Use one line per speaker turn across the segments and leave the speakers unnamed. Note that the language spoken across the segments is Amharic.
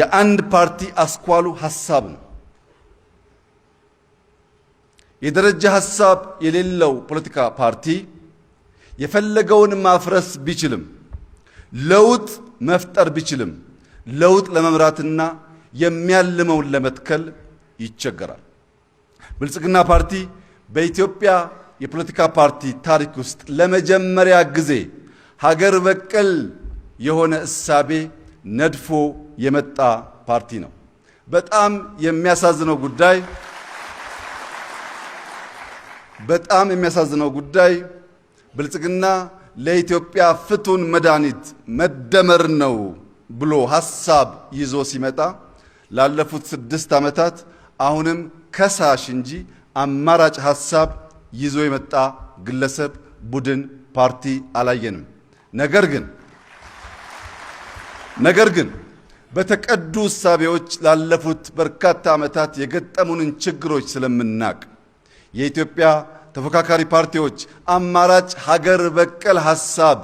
የአንድ ፓርቲ አስኳሉ ሐሳብ ነው። የደረጃ ሐሳብ የሌለው ፖለቲካ ፓርቲ የፈለገውን ማፍረስ ቢችልም ለውጥ መፍጠር ቢችልም ለውጥ ለመምራትና የሚያልመውን ለመትከል ይቸገራል። ብልጽግና ፓርቲ በኢትዮጵያ የፖለቲካ ፓርቲ ታሪክ ውስጥ ለመጀመሪያ ጊዜ ሀገር በቀል የሆነ እሳቤ ነድፎ የመጣ ፓርቲ ነው። በጣም የሚያሳዝነው ጉዳይ በጣም የሚያሳዝነው ጉዳይ ብልጽግና ለኢትዮጵያ ፍቱን መድኃኒት መደመር ነው ብሎ ሀሳብ ይዞ ሲመጣ ላለፉት ስድስት ዓመታት አሁንም ከሳሽ እንጂ አማራጭ ሀሳብ ይዞ የመጣ ግለሰብ፣ ቡድን፣ ፓርቲ አላየንም። ነገር ግን ነገር ግን በተቀዱ እሳቤዎች ላለፉት በርካታ ዓመታት የገጠሙንን ችግሮች ስለምናቅ የኢትዮጵያ ተፎካካሪ ፓርቲዎች አማራጭ ሀገር በቀል ሐሳብ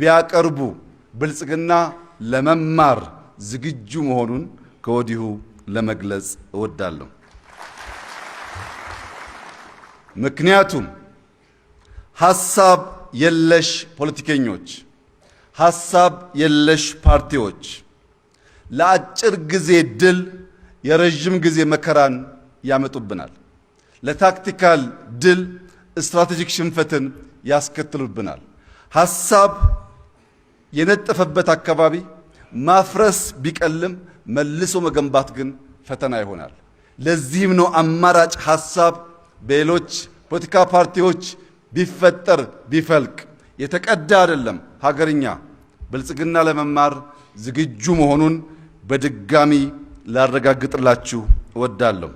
ቢያቀርቡ ብልጽግና ለመማር ዝግጁ መሆኑን ከወዲሁ ለመግለጽ እወዳለሁ። ምክንያቱም ሐሳብ የለሽ ፖለቲከኞች ሐሳብ የለሽ ፓርቲዎች ለአጭር ጊዜ ድል የረዥም ጊዜ መከራን ያመጡብናል። ለታክቲካል ድል ስትራቴጂክ ሽንፈትን ያስከትሉብናል። ሐሳብ የነጠፈበት አካባቢ ማፍረስ ቢቀልም መልሶ መገንባት ግን ፈተና ይሆናል። ለዚህም ነው አማራጭ ሐሳብ በሌሎች ፖለቲካ ፓርቲዎች ቢፈጠር ቢፈልቅ የተቀዳ አይደለም። ሀገርኛ ብልጽግና ለመማር ዝግጁ መሆኑን በድጋሚ ላረጋግጥላችሁ እወዳለሁ።